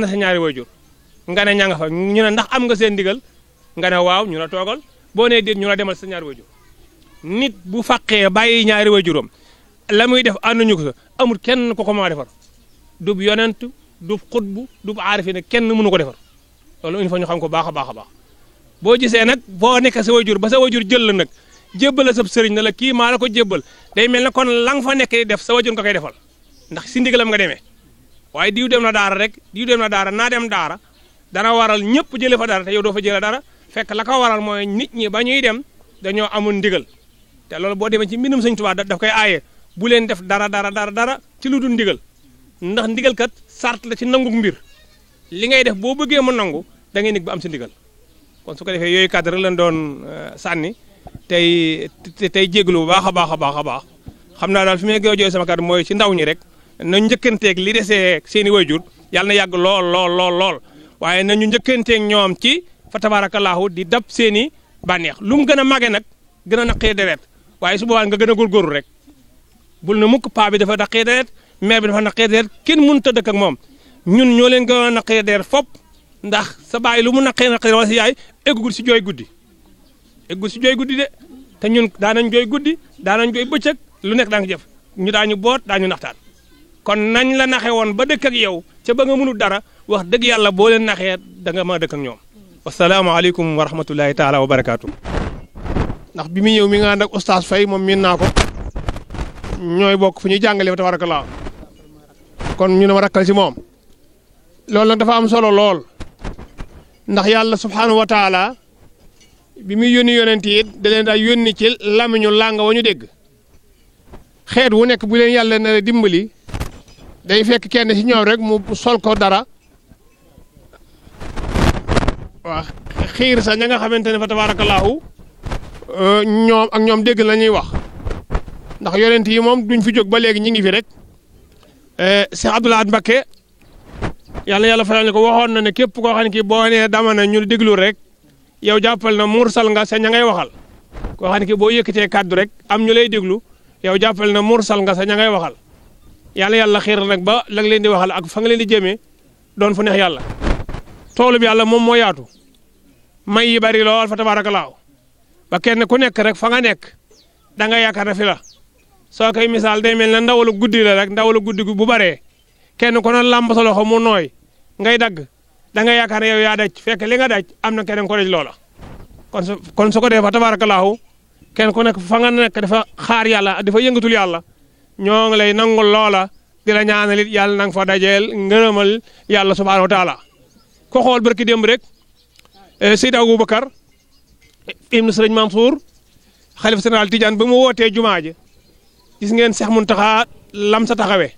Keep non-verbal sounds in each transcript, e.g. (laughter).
na ñaari waajur nga ne ña nga fa ñu ndax am nga seen ndigal nga ne waaw ñu la toogal boo nee déet ñu la demal si ñaari waajur nit bu fàqee bàyyi ñaari wajuroom la muy def ànduñu ko sa amul kenn ko ko mën a defar dub yonent dub xutbu dub aarifi ne kenn mënu ko defar loolu il ñu xam ko baax a baax a baax boo gisee nag boo nekk sa waajur ba sa waajur jël la nag jébbal sab sëriñ ne la kii maa la ko jébbal day mel ne kon la nga fa nekk def sa wajur nga koy defal ndax si ndigalam nga demee waaye diw dem na daara rek diw dem na daara naa dem daara dana waral ñëpp jële fa dara te yow doo fa jële dara fekk la ko waral mooy nit ñi ba ñuy dem dañoo amul ndigal te loolu boo demee ci mbindum sëñ Tuubaa daf koy aaye bu leen def dara dara dara dara ci lu dul ndigal ndax ndigal kat sart la ci nangu mbir li ngay def boo bëggee mu nangu da ngay bu am sa ndigal kon su ko defee yooyu cadre lañ doon euh, sànni tey tey jéglu bu baax a baax a baax a baax xam naa daal fi may gëw jooy sama kàddu mooy ci ndaw ñi rek na njëkkanteeg li desee seeni i wayjur yàlla na yàgg lool lool lool lool waaye na ñu njëkkanteeg ñoom ci fa tabaarakallaahu di dab seen i bànneex lu gën a màggee nag gën a naqee deret waaye su boobaa nga gën a góorgóorlu rek bul na mukk paa bi dafa naqee deret mère bi dafa naqee deret kenn mun a dëkk moom ñun ñoo leen gën a naqee deret fop ndax sa bàyyi lu mu naqee naqee wala si yaay eggugul si jooy guddi eggu si jooy guddi de te ñun daanañ jooy guddi daanañ jooy bëccëg lu nekk daa nga jëf ñu daañu boot daañu naxtaan kon nañ la naxe woon ba dëkk ak yow ca ba nga mënul dara wax dëgg yàlla boo leen naxee da nga mën a dëkk ak ñoom wasalaamaaleykum wa rahmatulahi taala wa barakaatu. ndax bi muy ñëw mi nga ànd ak oustaz Faye moom miin naa ko ñooy bokk fu ñuy jàngalee fa tabarakallah kon ñu ne ma rakkal si moom loolu nag dafa am solo lool ndax yàlla subhanahu wa bi muy yónni yonent yi daleen leen daa yónni ci làmmiñu làng wa ñu dégg xeet wu nekk bu leen yàlla na dimbali day fekk kenn ci ñoom rek mu sol ko dara waaw xiir sa ña nga xamante ne fa tabaarakallaahu euh, ñoom ak ñoom dégg la ñuy wax ndax yonent yi moom duñ fi jóg ba léegi ñu ngi fi rek euh, Cheikh Abdoul Ahad Mbacké yàlla yàlla faral ni ko waxoon na ne képp koo xam ne kii boo nee dama na ñu déglu rek yow jàppal na sal nga sa ña ngay waxal koo xam ne ki boo yëkkatee kàddu rek am ñu lay déglu yow jàppal na sal nga sa ña ngay waxal yàlla yàlla xiir rek ba la leen di waxal ak fa nga leen di jëmee doon fu neex yàlla toolu bi yàlla moom moo yaatu may yi bari lool fa tabaarakalaaw ba kenn ku nekk rek fa nga nekk da nga yaakaar na fi la soo koy misaal day mel ne ndawalu guddi la rek ndawalu guddi bu baree kenn ku ne làmb sa loxo mu nooy ngay dagg da yaakaar ne yow yaa daj fekk li nga daj am na keneen ko daj loola kon su kon su ko defee fa tabaarakallaahu kenn ku nekk fa nga nekk dafa xaar yàlla dafa yëngatul yàlla ñoo ngi lay nangul loola di la ñaanal it yàlla na fa dajeel ngërëmal yàlla subhaanahu wa taala ko xool barki démb rek eh, Seydou Aboubacar ibnu Sëriñ Mansour xalif général Tidiane ba mu wootee jumaa ji gis ngeen Seex Muntaxa lam sa taxawee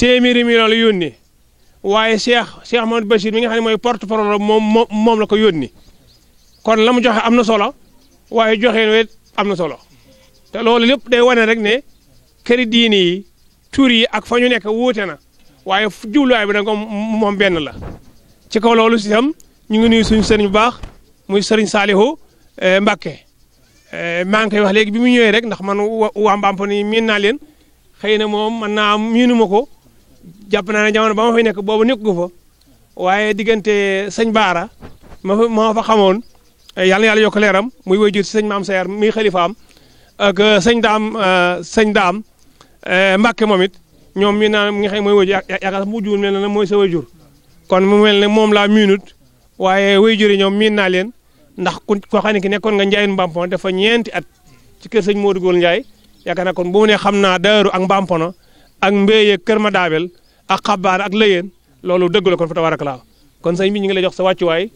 téeméeri i la yónnee waaye Cheikh Cheikh Amadou Bachir mi nga xam ne mooy porte parole moom moom la ko yónni kon la mu joxe am na solo waaye joxe wet am na solo te loolu lépp day wane rek ne këri diini yi yi ak fa ñu nekk wuute na waaye jubluwaay bi nag moom benn la ci kaw loolu si tam ñu ngi nuy suñ sëriñ bu baax muy sëriñ Saalihu eh, Mbàkke eh, maa ngi koy wax léegi bi mu ñëwee rek ndax man waa Mbamp nii miin naa leen xëy na moom man naa miinuma ko. jàpp naa ne jamono nekk boobu nekk gu fa waaye diggante sëñ Baara ma fa ma fa xamoon eh, yàlla yàlla yokk leeram muy wajur si sëñ maam Sayar muy xalifaam ak eh, sëñ daam eh, sëñ daam Mbàkke moom it ñoom mi naa mu nga xam mooy wajur yaakaar mu mel na mooy sa wajur kon mu mel ne moom laa miinut waaye wajur yi ñoom miin naa leen ndax ku koo xam ne ki nekkoon nga Ndiaye Mbampono dafa ñeenti at ci kër sëñ Modou Gol Ndiaye yaakaar kon bu mu ne xam naa daaru ak Mbampono ak mbéye kër ma daabel ak xabaar ak lëyeen loolu dëgg la kon fa tabarakalaa kon sëñ bi ñu ngi lay jox sa wàccuwaay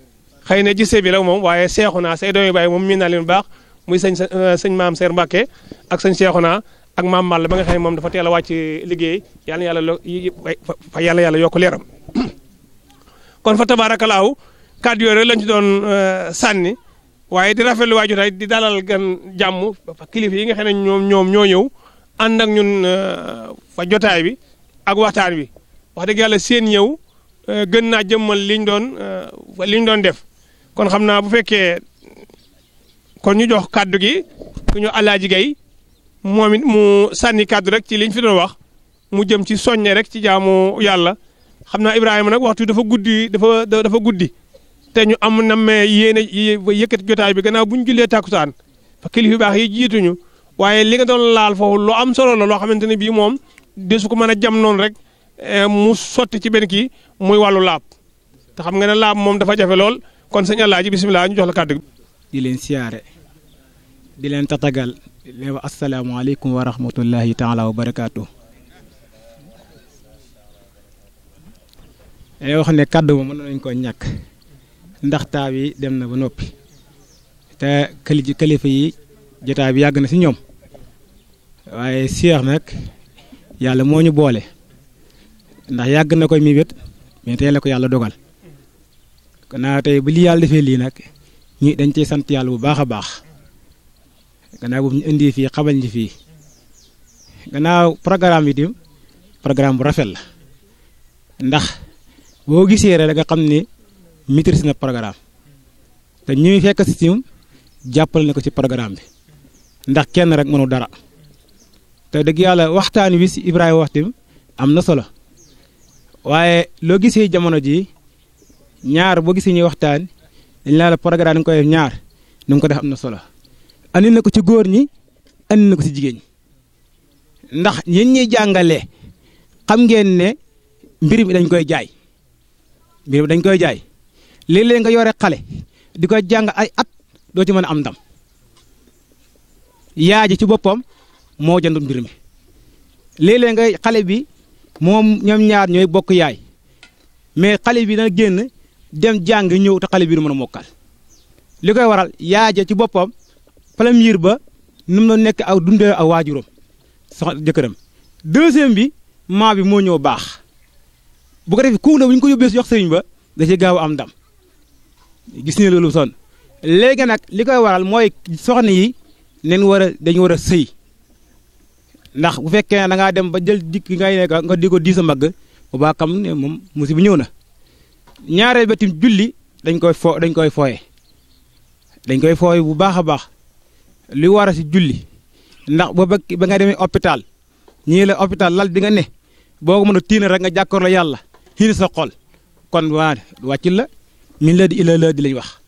xëy na gisee bi la moom waaye seexu naa say yi baay moom miin naa leen baax muy sëñ euh, sëñ maam Seer Mbàkke ak sëñ seexu naa ak maam Màll ba nga xam moom dafa teel a wàcc liggéey yàlla yàlla lo fa yàlla yàlla yokk leeram (coughs) kon fa tabarakalaa kàddu yooyu lañ ci doon euh, sànni waaye di rafetlu waa jotaay di daalal gan jàmm kilifa yi nga xam ne ñoom ñoom ñoo ñëw ànd ak ñun euh, fa jotaay bi ak waxtaan bi wax dëgg yàlla seen ñëw euh, gën naa jëmmal liñ doon euh, liñ doon def kon xam naa bu fekkee kon ñu jox kàddu gi ku ñu Alaaji Gay moom it mu sànni kàddu rek ci liñ fi doon wax mu jëm ci soññe rek ci jaamu yàlla xam naa Ibrahima nag waxtu dafa guddi dafa guddi te ñu am na mais yéen a yëkkati jotaay bi gannaaw bu ñu jullee tàkkusaan fa kilifa baax yi jiituñu waaye li nga doon laal foofu lu am solo la loo xamante ne bii moom desu ko mën a jam noonu rek eh, mu sotti ci benn kii muy wàllu laab te xam nga ne laab moom dafa jafe lool kon sëñ Alaaji bisimilah ñu jox la kàddu di leen siyaare di leen tatagal di leen wax asalaamaaleykum wa rahmatullahi taala wa barakaatu. dañuy wax ne kàddu moom mën nañu ko ñàkk ndax taaw yi dem na ba noppi te kilifa yi jotaay bi yàgg na si ñoom. waaye Cheikh nag yàlla moo ñu boole ndax yàgg na koy mébét mais tey la ko yàlla dogal gannaaw tey bu lii yàlla defee lii nag ñi dañ cey sant yàlla bu baax a baax gannaaw boobu ñu indi fii xabal ñi fii gannaaw programme bi itam bu rafet la ndax boo gisee rek da nga xam ne maîtrise na programme te ñuy fekk si tim jàppal na ko ci programme bi ndax kenn rek mënul dara te dëgg yàlla waxtaan wi si Ibrahima waxtim am na solo waaye loo gisee jamono ji ñaar boo gisee ñuy waxtaan dañ laa la programme nga koy ñaar nu ko def am na solo andi na ko ci góor ñi andi na ko ci jigéen ñi ndax yéen ñuy jàngale xam ngeen ne mbir mi dañ koy jaay mbir mi dañ koy jaay léeg-léeg nga yore xale di ko jàng ay at doo ci mën a am ndam yaaji ci boppam moo jënd mbir mi léeg-léeg nga xale bi moom ñoom ñaar ñooy bokk yaay mais xale bi na génn dem jàng ñëw te xale bi du mën a mokkal li koy waral yaay ja ci boppam premier ba nu mu nekk aw dundee ak waajuram sox jëkkëram deuxième bi maa bi moo ñëw baax bu ko defee ku ne ñu ko yóbbee si jox sëriñ ba da ci gaaw am dam gis ne loolu son léegi nag li koy waral mooy soxna yi neen war a dañu war a sëy ndax bu fekkee ne da ngaa dem ba jël dikk ngay nekk nga di ko diis a mbagg bu baax xam ne moom musi bu ñëw na ñaareel ba tim julli dañ koy fo dañ koy fooye dañ koy fooye bu baax a baax li war a si julli ndax ba ba nga demee hôpital ñii la hôpital lal bi nga ne boo ko mën a tiina rek nga jàkkoor la yàlla xiin sa xol kon waa wàccil la min la di ila la di lañ wax